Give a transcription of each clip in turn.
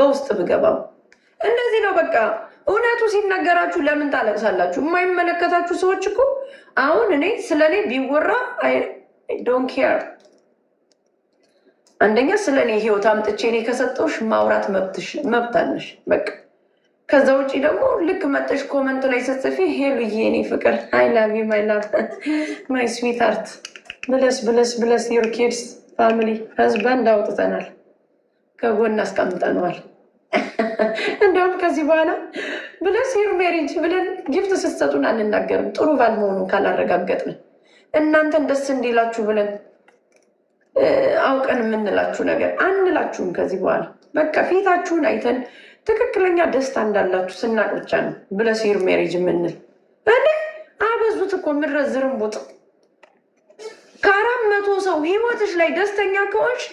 በውስጥ ብገባም እንደዚህ ነው። በቃ እውነቱ ሲነገራችሁ ለምን ታለቅሳላችሁ? የማይመለከታችሁ ሰዎች እኮ አሁን እኔ ስለ እኔ ቢወራ ዶን ኬር። አንደኛ ስለ እኔ ህይወት አምጥቼ እኔ ከሰጠውሽ ማውራት መብት አለሽ። በቃ ከዛ ውጭ ደግሞ ልክ መጠሽ ኮመንት ላይ ስትጽፊ ሄሉዬ፣ እኔ ፍቅር አይ ላቭ ዩ ማይ ላቭ ማይ ስዊት አርት ብለስ ብለስ ብለስ ዮር ኪድስ ፋሚሊ ህዝበንድ አውጥተናል። ከጎን አስቀምጠነዋል። እንደውም ከዚህ በኋላ ብለን ሴር ሜሪጅ ብለን ጊፍት ስትሰጡን አንናገርም፣ ጥሩ ባል መሆኑን ካላረጋገጥን እናንተን ደስ እንዲላችሁ ብለን አውቀን የምንላችሁ ነገር አንላችሁም። ከዚህ በኋላ በቃ ፊታችሁን አይተን ትክክለኛ ደስታ እንዳላችሁ ስናቅ ብቻ ነው ብለን ሴር ሜሪጅ የምንል። እኔ አበዙት እኮ የምንረዝርም ቡጥ ከአራት መቶ ሰው ህይወትሽ ላይ ደስተኛ ከሆንሽ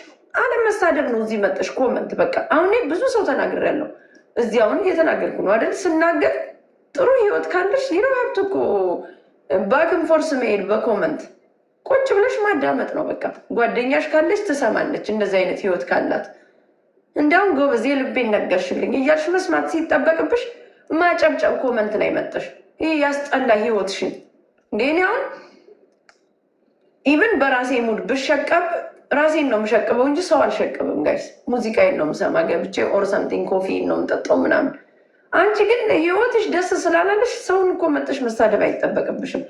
አለመሳደብ ነው። እዚህ መጠሽ ኮመንት በቃ አሁን ብዙ ሰው ተናግር ያለው እዚህ አሁን እየተናገርኩ ነው አይደል? ስናገር ጥሩ ህይወት ካለሽ ይሮ ሀብት እኮ ባክን ፎርስ መሄድ በኮመንት ቁጭ ብለሽ ማዳመጥ ነው በቃ። ጓደኛሽ ካለሽ ትሰማለች፣ እንደዚህ አይነት ህይወት ካላት እንዲያውም ጎበዜ ልቤን ነገርሽልኝ እያልሽ መስማት ሲጠበቅብሽ ማጨብጨብ ኮመንት ላይ መጠሽ ይህ ያስጠላ ህይወትሽን። ግን አሁን ኢቨን በራሴ ሙድ ብሸቀብ ራሴን ነው የምሸቅበው እንጂ ሰው አልሸቅብም። ጋይስ ሙዚቃዬን ነው የምሰማ ገብቼ ኦር ሰምቲንግ ኮፊ ነው የምጠጣው ምናምን። አንቺ ግን ህይወትሽ ደስ ስላላለሽ ሰውን እኮ መጥሽ መሳደብ አይጠበቅብሽም።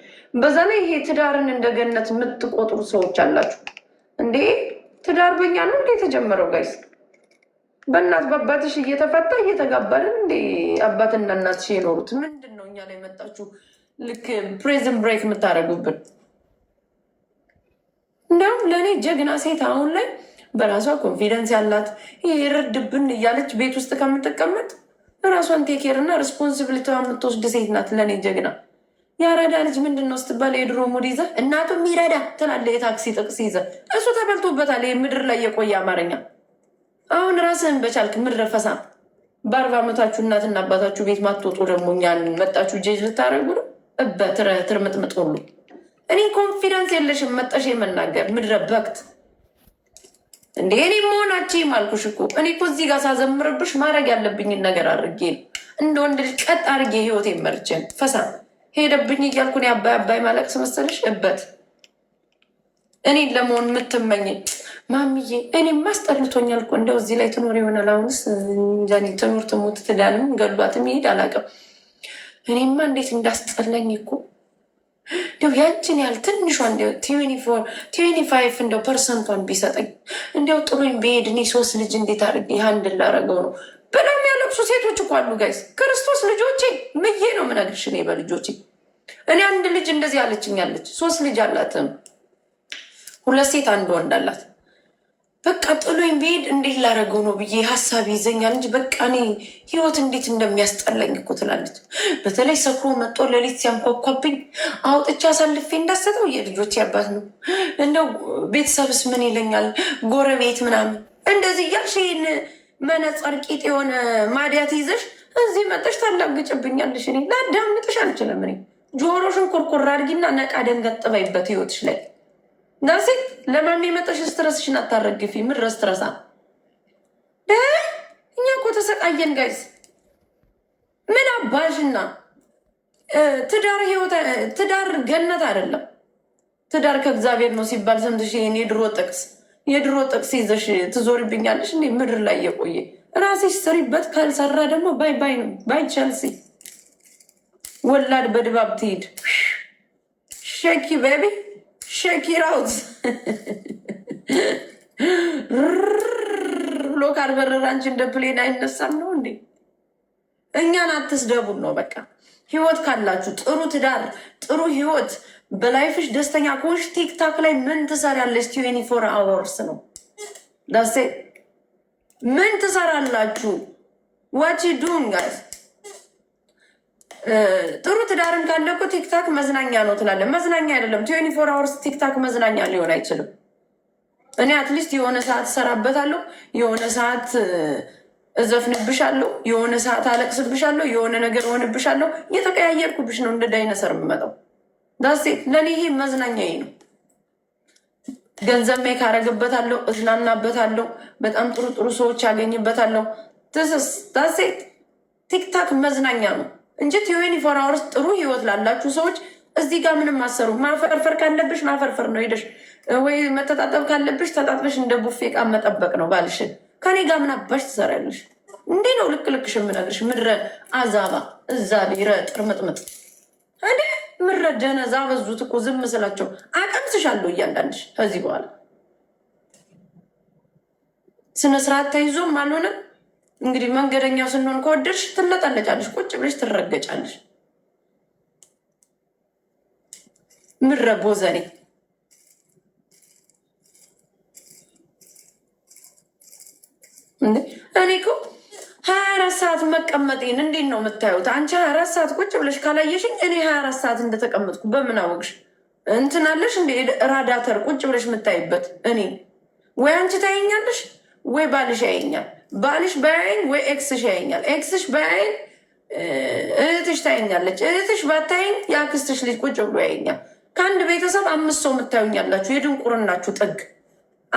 በዛ ላይ ይሄ ትዳርን እንደገነት የምትቆጥሩ ሰዎች አላችሁ እንዴ? ትዳር በኛ ነው እንዴ የተጀመረው? ጋይስ በእናት በአባትሽ እየተፈታ እየተጋባልን እንዴ አባትና እናትሽ የኖሩት ምንድን ነው? እኛ ላይ መጣችሁ ልክ ፕሬዝን ብሬክ የምታደርጉብን እንዲሁም ለእኔ ጀግና ሴት አሁን ላይ በራሷ ኮንፊደንስ ያላት የረድብን እያለች ቤት ውስጥ ከምትቀመጥ ራሷን ቴኬር እና ሬስፖንሲቢሊቲ የምትወስድ ሴት ናት። ለእኔ ጀግና የአራዳ ልጅ ምንድን ነው ስትባል የድሮ ሙድ ይዘ እናቱ ሚረዳ ትላለ። የታክሲ ጥቅስ ይዘ እሱ ተበልቶበታል። ምድር ላይ የቆየ አማርኛ። አሁን ራስህን በቻልክ ምድረ ፈሳ በአርባ ዓመታችሁ እናትና አባታችሁ ቤት ማትወጡ ደግሞ እኛን መጣችሁ ጄጅ ልታደረጉ ነው እበትረ ትርምጥምጥ ሁሉ እኔ ኮንፊደንስ የለሽ መጠሽ የመናገር ምድረ በቅት እንደ እኔ መሆናቸ አልኩሽ እኮ እኔ እኮ እዚህ ጋር ሳዘምርብሽ ማድረግ ያለብኝን ነገር አድርጌ እንደ ወንድ ልጅ ቀጥ አድርጌ ህይወት የመርችን ፈሳ ሄደብኝ እያልኩ እኔ አባይ አባይ ማለቅስ መሰለሽ እበት እኔን ለመሆን የምትመኝ ማሚዬ እኔ ማስጠልቶኛል እኮ እንደው እዚህ ላይ ትኖር ይሆናል። አሁንስ እንጃኔ ትምህርት ትሞት ትዳንም ገሏትም ይሄድ አላውቅም። እኔማ እንዴት እንዳስጠላኝ እኮ እንደው ያችን ያህል ትንሿ ትዌንቲ ፋይቭ እንደው ፐርሰንቷን ቢሰጠኝ እንዲያው ጥሩኝ ብሄድ እኔ ሶስት ልጅ እንዴት አድርጌ አንድ ላረገው ነው። በጣም ያለቅሱ ሴቶች እኮ አሉ ጋይስ። ክርስቶስ ልጆቼ ምዬ ነው የምነግርሽ እኔ በልጆቼ እኔ አንድ ልጅ እንደዚህ አለችኝ አለች። ሶስት ልጅ አላትም፣ ሁለት ሴት አንድ ወንድ አላት። በቃ ጥሎኝ ብሄድ እንዴት ላደረገው ነው ብዬ ሀሳብ ይዘኛል እንጂ በቃ እኔ ህይወት እንዴት እንደሚያስጠላኝ እኮ ትላለች። በተለይ ሰክሮ መጦ ሌሊት ሲያንኳኳብኝ አውጥቼ አሳልፌ እንዳሰጠው የልጆች ያባት ነው። እንደው ቤተሰብስ ምን ይለኛል? ጎረቤት ምናምን እንደዚህ እያልሽ ይህን መነጸር ቂጥ የሆነ ማዲያት ይዘሽ እዚህ መጠሽ ታላግጭብኛለሽ። እኔ ላዳምጥሽ አልችልም። እኔ ጆሮሽን ኩርኩር አድርጊና ነቃ ደንገጥ በይበት ህይወትሽ ላይ ነፍሴ ለማሚ የመጣሽ ስትረስሽን አታረግፊ። ምን ረስትረሳ እኛ እኮ ተሰቃየን ጋይስ። ምን አባሽና ትዳር ህይወት ትዳር ገነት አይደለም። ትዳር ከእግዚአብሔር ነው ሲባል ሰምተሽ ይሄን የድሮ ጥቅስ የድሮ ጥቅስ ይዘሽ ትዞሪብኛለሽ እንዴ? ምድር ላይ የቆየ ራሴሽ ስሪበት። ካልሰራ ደግሞ ባይ ባይ ባይ። ቸልሲ ወላድ በድባብ ትሄድ ሸኪ ቤቢ ሼክ ይራውት ብሎ ካልበረረ አንቺ እንደ ፕሌን አይነሳም ነው እንዴ? እኛን አትስደቡን ነው በቃ። ህይወት ካላችሁ ጥሩ ትዳር፣ ጥሩ ህይወት በላይፍሽ ደስተኛ ከሆንሽ ቲክታክ ላይ ምን ትሰሪያለሽ? ትዌንቲ ፎር አወርስ ነው ዳሴ ምን ትሰራላችሁ? ዋት ዩ ጥሩ ትዳርም ካለ እኮ ቲክታክ መዝናኛ ነው ትላለ መዝናኛ አይደለም። ትዌንቲ ፎር አወርስ ቲክታክ መዝናኛ ሊሆን አይችልም። እኔ አትሊስት የሆነ ሰዓት እሰራበታለሁ፣ የሆነ ሰዓት እዘፍንብሻለሁ፣ የሆነ ሰዓት አለቅስብሻለሁ፣ የሆነ ነገር ሆንብሻለሁ። እየተቀያየርኩብሽ ነው እንደ ዳይነሰር የምመጣው። ዳሴ ለእኔ ይሄ መዝናኛዬ ነው። ገንዘብ ሜክ አረግበታለሁ፣ እዝናናበታለሁ፣ በጣም ጥሩ ጥሩ ሰዎች ያገኝበታለሁ። ትስስ ዳሴ ቲክታክ መዝናኛ ነው። እንጂ ትዌንቲ ፎር አወርስ ጥሩ ህይወት ላላችሁ ሰዎች እዚህ ጋር ምንም አሰሩ። ማፈርፈር ካለብሽ ማፈርፈር ነው ሄደሽ፣ ወይ መተጣጠብ ካለብሽ ተጣጥበሽ እንደ ቡፌ ዕቃ መጠበቅ ነው ባልሽን። ከኔ ጋር ምን አባሽ ትሰሪያለሽ? እንዲህ ነው ልክ ልክሽ የምነግርሽ። ምድረ አዛባ እዛ ቢረ ጥርምጥምጥ እንደ ምድረ ደነዛ በዙት እኮ ዝም ስላቸው አቀምስሻለሁ። እያንዳንድሽ ከዚህ በኋላ ስነስርዓት ተይዞም አልሆነም እንግዲህ መንገደኛ ስንሆን ከወደድሽ ትለጠለጫለሽ፣ ቁጭ ብለሽ ትረገጫለሽ። ምረቦ ዘኔ እኔ እኮ ሀያ አራት ሰዓት መቀመጤን እንዴት ነው የምታዩት? አንቺ ሀያ አራት ሰዓት ቁጭ ብለሽ ካላየሽኝ እኔ ሀያ አራት ሰዓት እንደተቀመጥኩ በምን አወቅሽ? እንትናለሽ እንደ ራዳተር ቁጭ ብለሽ የምታይበት እኔ ወይ አንቺ ታየኛለሽ ወይ ባልሽ ያየኛል፣ ባልሽ ባያየኝ ወይ ኤክስሽ ያየኛል፣ ኤክስሽ ባያየኝ እህትሽ ታየኛለች፣ እህትሽ ባታየኝ የአክስትሽ ልጅ ቁጭ ብሎ ያየኛል። ከአንድ ቤተሰብ አምስት ሰው የምታዩኛላችሁ፣ የድንቁርናችሁ ጥግ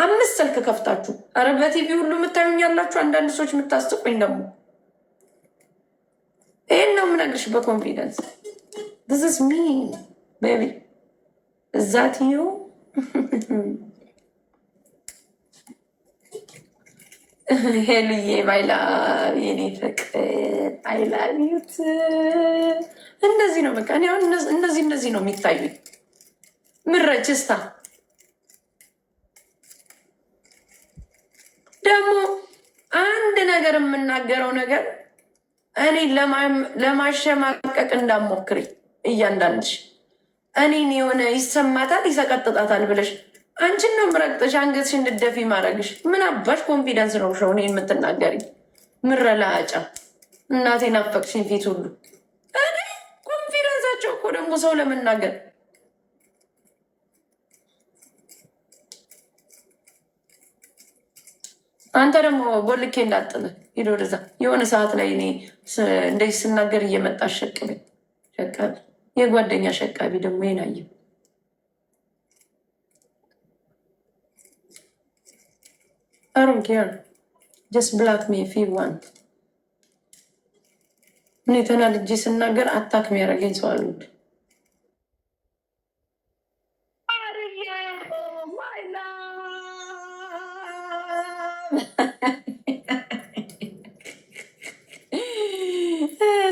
አምስት ስልክ ከፍታችሁ፣ ኧረ በቲቪ ሁሉ የምታዩኛላችሁ። አንዳንድ ሰዎች የምታስቁኝ ደግሞ ይህን ነው የምነግርሽ በኮንፊደንስ ዚስ ሚ ቤቢ እዛትየው ሄሉዬ ማይላብ የኔ ፍቅር አይላቢዩት እንደዚህ ነው። በቃ አሁን እነዚህ ነው ነው የሚታዩኝ። ስታ ደግሞ አንድ ነገር የምናገረው ነገር እኔ ለማሸማቀቅ እንዳሞክሪ እያንዳንድሽ እኔን የሆነ ይሰማታል ይሰቀጥጣታል ብለሽ አንቺን ነው የምረግጠሽ፣ አንገትሽን እንድትደፊ ማድረግሽ። ምን አባሽ ኮንፊደንስ ነው ሸው እኔን የምትናገሪ? ምረላጫ እናቴ ናፈቅሽኝ ፊት ሁሉ እኔ ኮንፊደንሳቸው እኮ ደግሞ ሰው ለመናገር አንተ ደግሞ ቦልኬ እንዳጥነ ሂዶ ወደዛ የሆነ ሰዓት ላይ እኔ እንደዚህ ስናገር እየመጣ ሸቅ ሸቃቢ የጓደኛ ሸቃቢ ደግሞ ይናየ I don't care. Just block me if you want. እኔ ተናድጄ ስናገር አታክ የሚያደርገኝ ሰው አልወድ።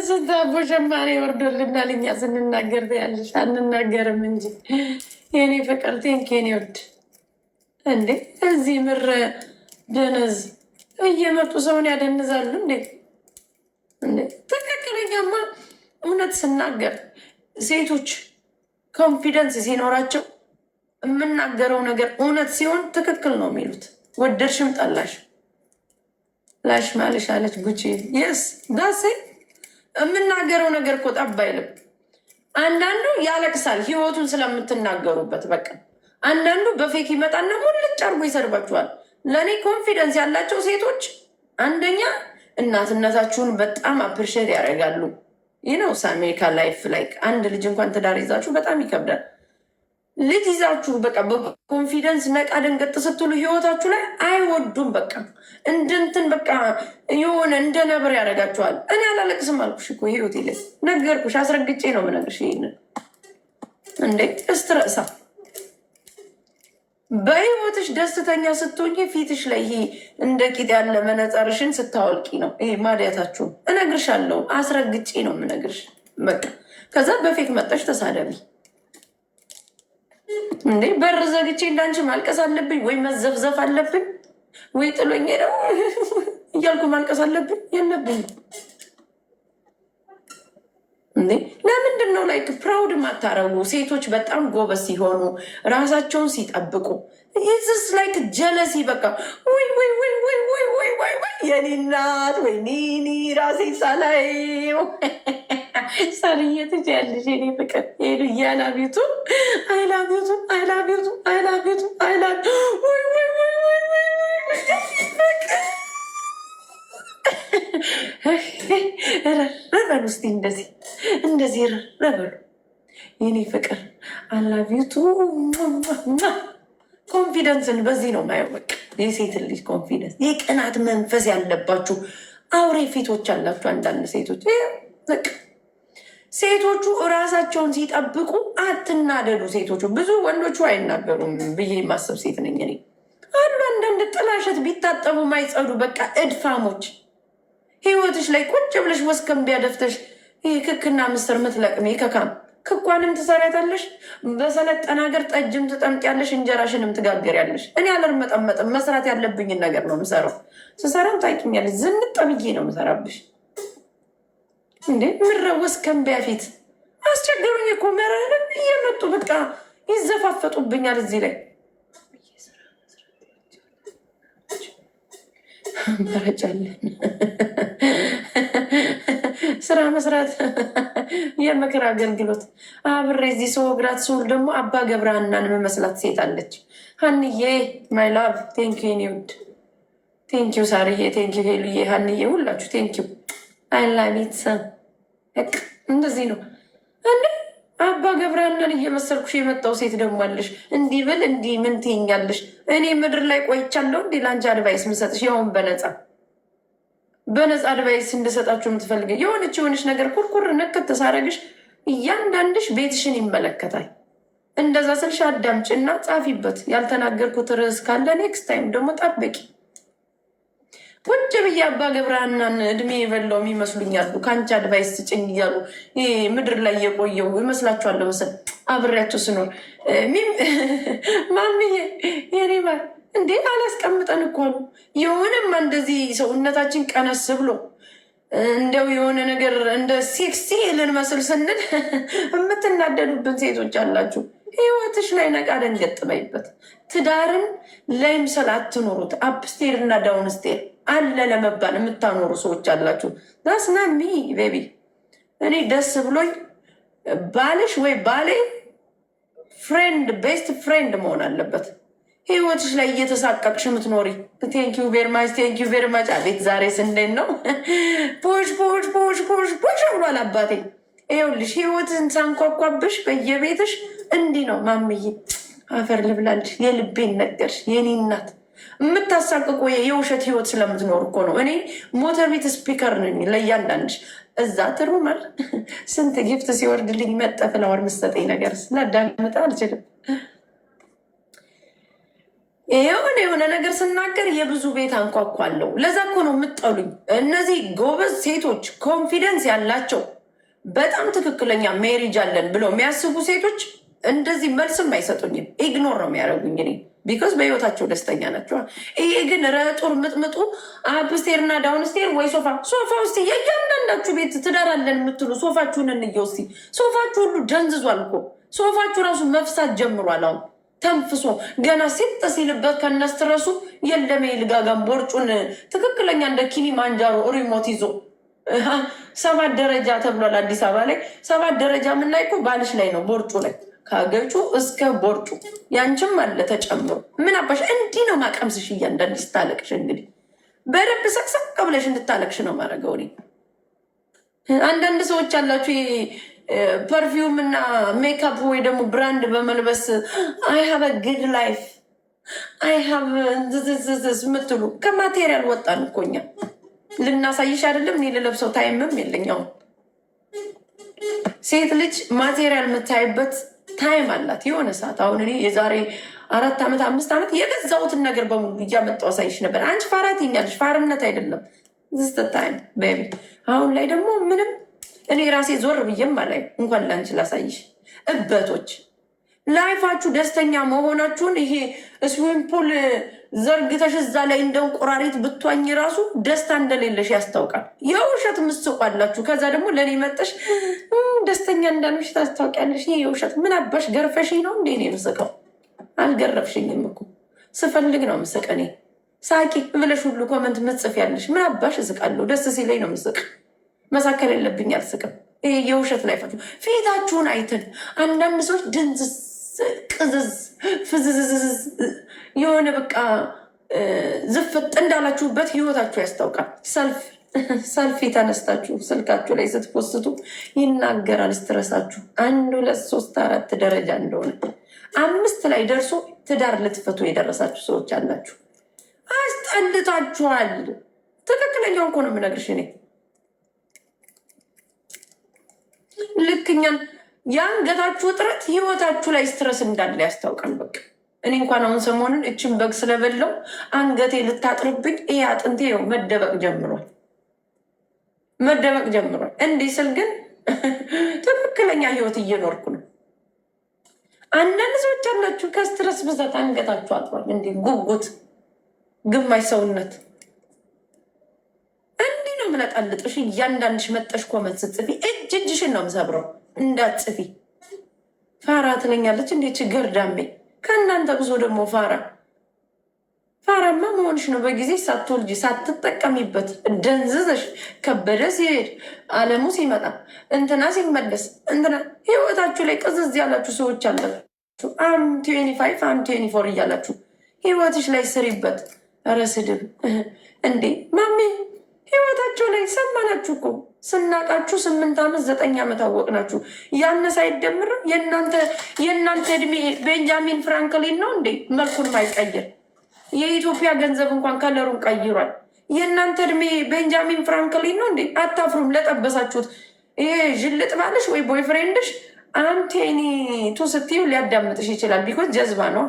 ስንት አቦ ሸማኔ ወርዶልናል። እኛ ስንናገር አንናገርም እንጂ ፍቅር እንዴ እዚህ ምር ደነዝ እየመጡ ሰውን ያደንዛሉ እንዴ! ትክክለኛማ እውነት ስናገር ሴቶች ኮንፊደንስ ሲኖራቸው የምናገረው ነገር እውነት ሲሆን ትክክል ነው የሚሉት። ወደድሽም ጠላሽ ላሽ ማለሽ አለች ጉቺ የስ ዳሴ የምናገረው ነገር እኮ ጠብ አይልም። አንዳንዱ ያለቅሳል ህይወቱን ስለምትናገሩበት። በቃ አንዳንዱ በፌክ ይመጣና ሙልጭ አድርጎ ይሰርባችኋል። ለእኔ ኮንፊደንስ ያላቸው ሴቶች አንደኛ እናትነታችሁን በጣም አፕሪሼት ያደርጋሉ። ይህ ነው አሜሪካ ላይፍ ላይ አንድ ልጅ እንኳን ትዳር ይዛችሁ በጣም ይከብዳል። ልጅ ይዛችሁ በቃ በኮንፊደንስ ነቃ ደንገጥ ስትሉ ህይወታችሁ ላይ አይወዱም። በቃ እንድንትን በቃ የሆነ እንደ ነብር ያደርጋችኋል። እኔ አላለቅስም አልኩሽ እኮ ህይወት ይለ ነገርኩሽ፣ አስረግጬ ነው የምነግርሽ። ይሄንን እንዴት እስትረሳ በህይወትሽ ደስተኛ ስትሆኝ ፊትሽ ላይ ይሄ እንደ ቂጥ ያለ መነጸርሽን ስታወልቂ ነው። ይሄ ማዲያታችሁ እነግርሻለሁ፣ አስረግጬ ነው የምነግርሽ። በቃ ከዛ በፊት መጠሽ ተሳደቢ እንዴ! በር ዘግቼ እንዳንቺ ማልቀስ አለብኝ ወይ መዘፍዘፍ አለብኝ ወይ ጥሎኝ ደግሞ እያልኩ ማልቀስ አለብኝ የለብኝ ለምንድን ነው ላይክ ፕራውድ ማታረጉ? ሴቶች በጣም ጎበዝ ሲሆኑ ራሳቸውን ሲጠብቁ ይህስ ላይክ ጀለሲ በቃ ወይ ወይ ወይ ወይ ወይ ወይ ወይ ወይ የኔ እናት ወይ ኒኒ ራሴ ሳላይ ሳርየት ያለሽ የኔ ፍቅር ሄዱ እያላቤቱ አይላቤቱ አይላቤቱ አይላቤቱ አይላ ወይ ወይ ወይ ወይ ወይ ወይ ረበሉ ስ እንደዚህ እንደዚህ ረበሉ የኔ ፍቅር አላቢቱ ኮንፊደንስን በዚህ ነው ማይወቅ የሴት ልጅ ኮንፊደንስ የቅናት መንፈስ ያለባችሁ አውሬ ፊቶች አላችሁ። አንዳንድ ሴቶች ሴቶቹ እራሳቸውን ሲጠብቁ አትናደዱ። ሴቶቹ ብዙ ወንዶቹ አይናገሩም ብዬ የማሰብ ሴት ነኝ እኔ አሉ አንዳንድ ጥላሸት ቢታጠቡ ማይጸዱ በቃ እድፋሞች ህይወትሽ ላይ ቁጭ ብለሽ ወስከም ቢያደፍተሽ ይህ ክክና ምስር ምትለቅሚ ከካም ክኳንም ትሰሪያታለሽ። በሰለጠነ ሀገር ጠጅም ትጠምቂያለሽ፣ እንጀራሽንም ትጋገሪያለሽ። እኔ አለርመጠመጥም መስራት ያለብኝን ነገር ነው የምሰራው። ስሰራም ታውቂኛለሽ፣ ዝንጥ ነው የምሰራብሽ። እንዴ ምረወስ ከንቢያ ፊት አስቸገሩኝ እኮ መረን እየመጡ በቃ ይዘፋፈጡብኛል። እዚህ ላይ መረጫለን ስራ መስራት የምክር አገልግሎት አብሬ እዚህ ሰው ግራት ሲሆን ደግሞ አባ ገብረሃናን መመስላት ሴት አለች። ሀንዬ ማይ ላቭ ቴንኪው ኒውድ ውድ ቴንኪው ሳርዬ ቴንኪው ሄሉዬ ሀንዬ ሁላችሁ ቴንኪው አይላ ቤተሰብ እንደዚህ ነው እንደ አባ ገብረሃናን እየመሰልኩሽ የመጣው ሴት ደግሞ አለሽ። እንዲህ ብል እንዲህ ምን ትይኛለሽ? እኔ ምድር ላይ ቆይቻለሁ እንዲ ለአንቺ አድቫይስ ምሰጥሽ ያውን በነፃ በነፃ አድቫይስ እንድሰጣችሁ የምትፈልገ የሆነች የሆነች ነገር ኩርኩር ነከት ተሳረግሽ እያንዳንድሽ ቤትሽን ይመለከታል። እንደዛ ስልሽ አዳምጪ እና ጻፊበት። ያልተናገርኩት ርዕስ ካለ ኔክስት ታይም ደግሞ ጠብቂ። ቁጭ ብዬ አባ ገብረሃናን እድሜ የበላው ይመስሉኛሉ ከአንቺ አድቫይስ ጭኝ እያሉ ምድር ላይ የቆየው ይመስላችኋለሁ መሰል አብሬያቸው ስኖር ማምዬ የኔ ማር እንዴ አላስቀምጠን እኮ ነው። የሆነማ እንደዚህ ሰውነታችን ቀነስ ብሎ እንደው የሆነ ነገር እንደ ሴክሲ ልንመስል ስንል የምትናደዱብን ሴቶች አላችሁ። ህይወትሽ ላይ ነቃ ደንገጥ ትዳርን ትዳርን ስል አትኖሩት። አፕስቴር እና ዳውንስቴር አለ ለመባል የምታኖሩ ሰዎች አላችሁ። ሚ ቤቢ እኔ ደስ ብሎኝ ባልሽ ወይ ባሌ ፍሬንድ ቤስት ፍሬንድ መሆን አለበት። ህይወትሽ ላይ እየተሳቀቅሽ የምትኖሪ ቴንኪው ቬርማች ቴንኪው ማች። አቤት ዛሬ ስንዴት ነው ፖሽ ፖሽ ፖሽ ፖሽ ፖሽ ብሏል አባቴ። ይኸውልሽ ህይወትን ሳንኳኳብሽ በየቤትሽ እንዲህ ነው ማምዬ። አፈር ልብላልሽ፣ የልቤን ነገርሽ የኔ እናት። የምታሳቅቁ የውሸት ህይወት ስለምትኖር እኮ ነው። እኔ ሞተ ቤት ስፒከር ነኝ ለእያንዳንድሽ እዛ ትሩመር ስንት ጊፍት ሲወርድልኝ መጠፍለወር ምሰጠኝ ነገር ስላዳምጥ አልችልም። የሆነ የሆነ ነገር ስናገር የብዙ ቤት አንኳኳለው። ለዛ እኮ ነው የምጠሉኝ። እነዚህ ጎበዝ ሴቶች ኮንፊደንስ ያላቸው በጣም ትክክለኛ ሜሪጅ አለን ብለው የሚያስቡ ሴቶች እንደዚህ መልስም አይሰጡኝም። ኢግኖር ነው የሚያደርጉኝ። እኔ ቢካዝ በህይወታቸው ደስተኛ ናቸዋል። ይሄ ግን ረጡር ምጥምጡ አፕስቴርና ዳውንስቴር ወይ ሶፋ ሶፋ ውስ የእያንዳንዳችሁ ቤት ትዳራለን የምትሉ ሶፋችሁን እንየው እስኪ። ሶፋችሁ ሁሉ ደንዝዟል እኮ ሶፋችሁ ራሱ መፍሳት ጀምሯል አሁን ተንፍሶ ገና ሲጥ ሲልበት ከነስትረሱ የለሜ ልጋጋን ቦርጩን ትክክለኛ እንደ ኪኒ ማንጃሮ ሪሞት ይዞ ሰባት ደረጃ ተብሏል። አዲስ አበባ ላይ ሰባት ደረጃ የምናይ እኮ ባልሽ ላይ ነው፣ ቦርጩ ላይ ከገጩ እስከ ቦርጩ ያንችም አለ ተጨምሮ። ምን አባሽ እንዲህ ነው ማቀምስሽ? እያንዳንድ ስታለቅሽ እንግዲህ በደንብ ሰቅሰቅ ብለሽ እንድታለቅሽ ነው ማረገው። አንዳንድ ሰዎች አላችሁ ፐርፊውም እና ሜካፕ ወይ ደግሞ ብራንድ በመልበስ አይ ሀበ ግድ ላይፍ አይ ሀብ የምትሉ ከማቴሪያል ወጣን እኮ እኛ። ልናሳይሽ አይደለም እኔ ልለብሰው ታይምም የለኛውም። ሴት ልጅ ማቴሪያል የምታይበት ታይም አላት የሆነ ሰዓት። አሁን እኔ የዛሬ አራት ዓመት አምስት ዓመት የገዛሁትን ነገር በሙሉ እያመጣሁ አሳይሽ ነበር። አንቺ ፋራት ይኛለሽ ፋርነት አይደለም ዝስት ታይም ቤቢ። አሁን ላይ ደግሞ ምንም እኔ ራሴ ዞር ብዬም አላይ እንኳን ላንቺ ላሳይሽ። እበቶች ላይፋችሁ ደስተኛ መሆናችሁን ይሄ ስዊሚንግ ፑል ዘርግተሽ እዛ ላይ እንደው ቆራሪት ብቷኝ ራሱ ደስታ እንደሌለሽ ያስታውቃል። የውሸት ምስቋላችሁ። ከዛ ደግሞ ለእኔ መጠሽ ደስተኛ እንዳንሽ ታስታውቂያለሽ። ይሄ የውሸት ምን አባሽ ገርፈሽኝ ነው እንዴ? ነው ምስቀው አልገረፍሽኝም እኮ ስፈልግ ነው ምስቅ። እኔ ሳቂ ብለሽ ሁሉ ኮመንት ምጽፍ ያለሽ ምን አባሽ እስቃለሁ። ደስ ሲለኝ ነው ምስቅ መሳከል የለብኝ አልስቅም። ይሄ የውሸት ፈት ፊታችሁን አይተን አንዳንድ ሰዎች ድንዝዝ፣ ቅዝዝ፣ ፍዝዝዝዝ የሆነ በቃ ዝፍጥ እንዳላችሁበት ህይወታችሁ ያስታውቃል። ሰልፊ ተነስታችሁ ስልካችሁ ላይ ስትፖስቱ ይናገራል ስትረሳችሁ አንድ ሁለት ሶስት አራት ደረጃ እንደሆነ አምስት ላይ ደርሶ ትዳር ልትፈቱ የደረሳችሁ ሰዎች አላችሁ። አስጠልታችኋል። ትክክለኛውን እኮ ነው የምነግርሽ እኔ ልክ እኛን የአንገታችሁ እጥረት ህይወታችሁ ላይ ስትረስ እንዳለ ያስታውቃል። በቃ እኔ እንኳን አሁን ሰሞኑን እችን በግ ስለበለው አንገቴ ልታጥርብኝ ይሄ አጥንቴ ው መደበቅ ጀምሯል መደበቅ ጀምሯል። እንዲህ ስል ግን ትክክለኛ ህይወት እየኖርኩ ነው። አንዳንድ ሰዎች አላችሁ ከስትረስ ብዛት አንገታችሁ አጥሯል። እንዲህ ጉጉት ግማሽ ሰውነት የምለጠልጥሽን እያንዳንድሽ መጠሽ ኮመንት ስትጽፊ እጅ እጅሽን ነው የምሰብረው። እንዳትጽፊ ፋራ ትለኛለች። እንዴት ችግር ዳንቤ ከእናንተ ብዙ ደግሞ ፋራ ፋራማ መሆንሽ ነው። በጊዜ ሳትወልጂ ሳትጠቀሚበት ደንዝዘሽ ከበደ ሲሄድ አለሙ ሲመጣ እንትና ሲመለስ እንትና ህይወታችሁ ላይ ቅዝዝ ያላችሁ ሰዎች አላችሁ። አም ትዌኒ ፋይቭ አም ትዌኒ ፎር እያላችሁ ህይወትሽ ላይ ስሪበት። ኧረ እንዴ ማሜ ህይወታቸው ላይ ሰማናችሁ እኮ ስናጣችሁ ስምንት ዓመት ዘጠኝ ዓመት አወቅናችሁ። ያነሰ ሳይደምር የእናንተ እድሜ ቤንጃሚን ፍራንክሊን ነው እንዴ? መልኩን ማይቀይር የኢትዮጵያ ገንዘብ እንኳን ከለሩን ቀይሯል። የእናንተ እድሜ ቤንጃሚን ፍራንክሊን ነው እንዴ? አታፍሩም? ለጠበሳችሁት ይሄ ዥልጥ ባልሽ ወይ ቦይፍሬንድሽ አንቴኒ ቱ ስትዩ ሊያዳምጥሽ ይችላል። ቢኮዝ ጀዝባ ነው።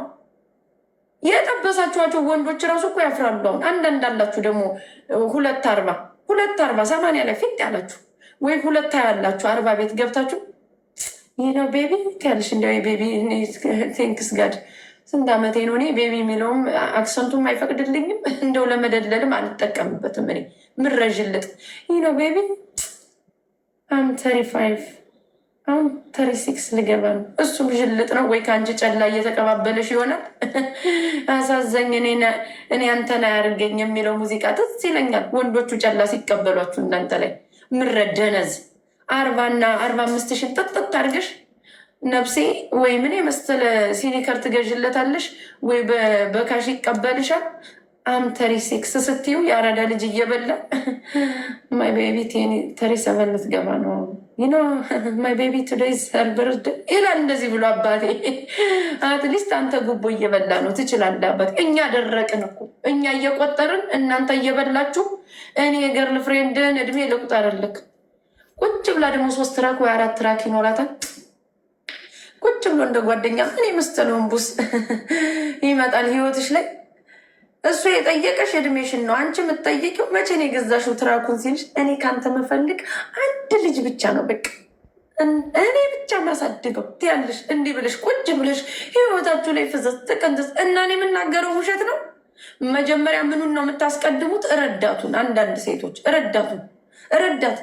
የጠበሳችኋቸው ወንዶች ራሱ እኮ ያፍራሉ። አሁን አንዳንድ አላችሁ ደግሞ ሁለት አርባ ሁለት አርባ ሰማንያ ላይ ፊት ያላችሁ ወይ ሁለት ያላችሁ አርባ ቤት ገብታችሁ ይህ ነው ቤቢ ያልሽ እንደ ቤቢ ቴንክስ ጋድ ስንት ዓመቴ ነው እኔ ቤቢ የሚለውም አክሰንቱም አይፈቅድልኝም። እንደው ለመደለልም አልጠቀምበትም። እኔ ምረዥልጥ ይህ ነው ቤቢ አም ተሪ ፋይቭ አሁን ተሪሲክስ ልገባ ነው። እሱም ሽልጥ ነው ወይ ከአንቺ ጨላ እየተቀባበለሽ ይሆናል። አሳዘኝ እኔ አንተን አያርገኝ የሚለው ሙዚቃ ትዝ ይለኛል። ወንዶቹ ጨላ ሲቀበሏችሁ እናንተ ላይ ምረደነዝ አርባና አርባ አምስት ሽን ጥጥጥ አርገሽ ነፍሴ ወይ ምን የመሰለ ሲኒከር ትገዥለታለሽ ወይ በካሽ ይቀበልሻል። አምተሪ ሴክስ ስትዩ የአራዳ ልጅ እየበላ ማይ ቤቢ ተሪ ሰቨን ልትገባ ነው ዩኖ ማይ ቤቢ ቱደይ ሰርብርድ ይላል። እንደዚህ ብሎ አባቴ አትሊስት አንተ ጉቦ እየበላ ነው ትችላለህ። አባት እኛ ደረቅን እኮ እኛ እየቆጠርን እናንተ እየበላችሁ እኔ የገርል ፍሬንድን እድሜ ልቁጠርልክ። ቁጭ ብላ ደግሞ ሶስት ትራክ ወይ አራት ትራክ ይኖራታል። ቁጭ ብሎ እንደ ጓደኛ እኔ ምስትለውን ቡስ ይመጣል ህይወትሽ ላይ እሱ የጠየቀሽ እድሜሽን ነው። አንቺ የምትጠየቂው መቼ ነው የገዛሽው ትራኩን ሲልሽ፣ እኔ ከአንተ መፈልግ አንድ ልጅ ብቻ ነው በቃ እኔ ብቻ የሚያሳድገው ትያለሽ። እንዲህ ብለሽ ቁጭ ብለሽ ህይወታችሁ ላይ ፍዘት ተቀንዘስ እና እኔ የምናገረው ውሸት ነው። መጀመሪያ ምኑን ነው የምታስቀድሙት? ረዳቱን። አንዳንድ ሴቶች ረዳቱን ረዳት